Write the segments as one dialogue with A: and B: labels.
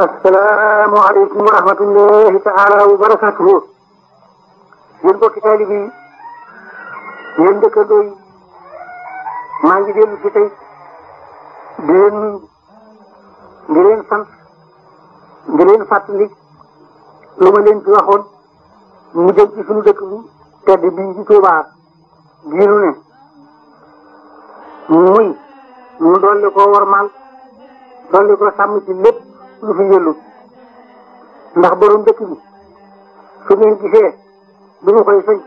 A: assalaamu aleykum wa rahmatullahi taala wa barakatuhu yéen bokki taalib yi yéen dëkkandoo yi maa ngi dellu si tey di leen nuyu di leen sant di lu ma leen fi waxoon mu jëm ci dëkk bi tedd bii ci Tuubaa ne muy mu dolli ko warmaal dolli ko sàmm ci lépp lu fi yellut ndax borom dëkk bi su ngeen gisee bi ñu koy sëñ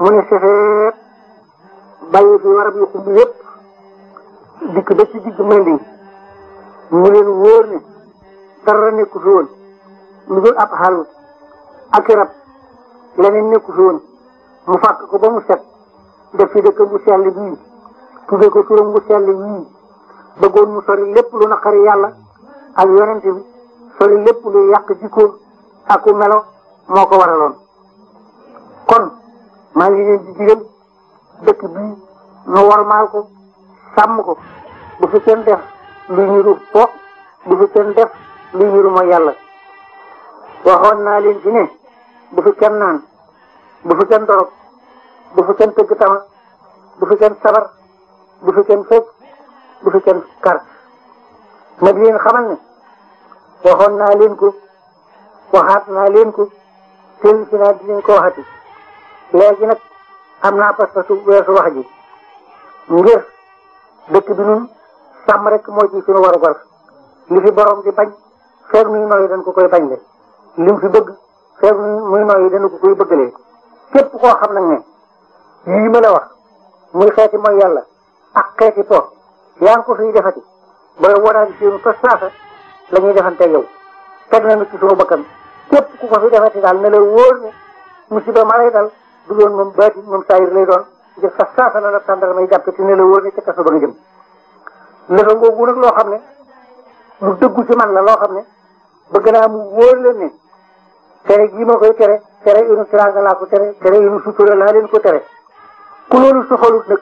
A: mu ne sefeet bàyyi bi warab yu xumb yëpp dikk ba ci digg mandi mu leen wóor ne dara nekku fi ab xàll ak rab leneen nekku fi woon mu fàkk ko ba mu set def ci dëkk bu sell bii tuddee ko turam bu sell yii bëggoon mu sori lépp lu naqari yàlla ak yonent bi lépp lu yàq jikko ak melo moo ko waraloon kon maa ngi leen di digal dëkk bii nu warmaal ko sàmm ko bu fi kenn def luy niru fo bu fi kenn def luy niru mooy yàlla waxoon naa leen fi ne bu fi kenn naan bu fi kenn dorog bu fi kenn tëgg tama bu fi kenn sabar bu fi kenn fecc bu fi kenn kar ma di leen xamal ne waxoon naa leen ko waxaat naa leen ko seen si naa di leen ko waxati léegi nag am naa pas-pasu weesu wax ji ngir dëkk bi nun sàmm rek moo ci suñu war a gor li fi borom di bañ feeg muy nooyi dañ ko koy bañ le li mu fi bëgg feeg muy nooyi dañ ko koy bëggalee képp koo xam nag ne yii ma la wax muy xeeti mooy yàlla ak xeeti po yaa ngi ko fiy defati booy waraan ci yoonu ko saasa la ñuy defante yow teg nañu ci suñu bakkan képp ku ko fi defati daal ne la wóor ne musiba ma lay dal du doon moom baati moom saayir lay doon jëf sa saasa la la tàndal may jàpp te ne la wóor ne ca kaso ba nga jëm lëfa ngoogu nag loo xam ne mu dëggu ci man la loo xam ne bëgg naa mu wóor leen ne tere gii ma koy tere tere inu tiranga laa ko tere tere inu sutura laa leen ko tere ku loolu soxalut nag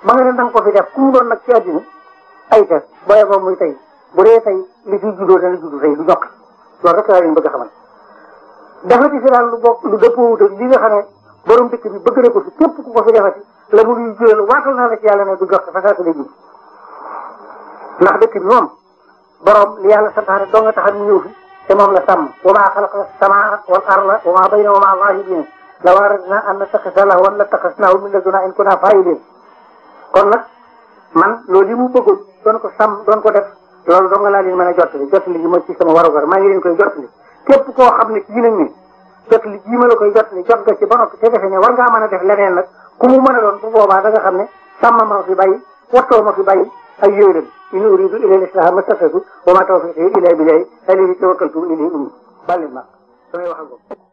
A: ma nga ne danga ko fi def ku mu nag ci àddina ay ca booyee moom muy tey bu dee tey li fiy juddoo dana juddu tey du ñokk loolu rek laa leen bëgg a xamal dafa ci silaan lu bokk lu dëppoowut ak li nga xam ne borom dëkk bi bëgg na ko fi képp ku ko fi defati la mu luy jural waatal naa la ci yàlla ne du jox fa saa si lay jub ndax dëkk bi moom borom li yàlla santaane doo nga taxal mu ñëw fi te moom la sàmm wa maa xalaqa samaa wal arda wa maa bayna wa maa zaahirin law aradnaa an nattaxisa lahu wan lattaxasnaahu min ladunaa in kunaa faa'iliin kon nag man lool yi mu bëggoon doon ko sàmm doon ko def loolu dong laa leen mën a jottali jottali gi ma ci sama warugar maa ngi leen koy jottali képp koo xam ne kii nañ ne jottali gii ma la koy jottali jot nga ci ba noppi te defe ne war ngaa man a def leneen nag ku mu mën a doon bu boobaa da xam ne sàmm ma fi bàyyi wattoo ma fi bàyyi ay yéeram in uridu ila al-islaha ma stata'tu wa ma tawfiqi illa billahi alayhi tawakkaltu ilayhi unib bàllin ma damay wax ak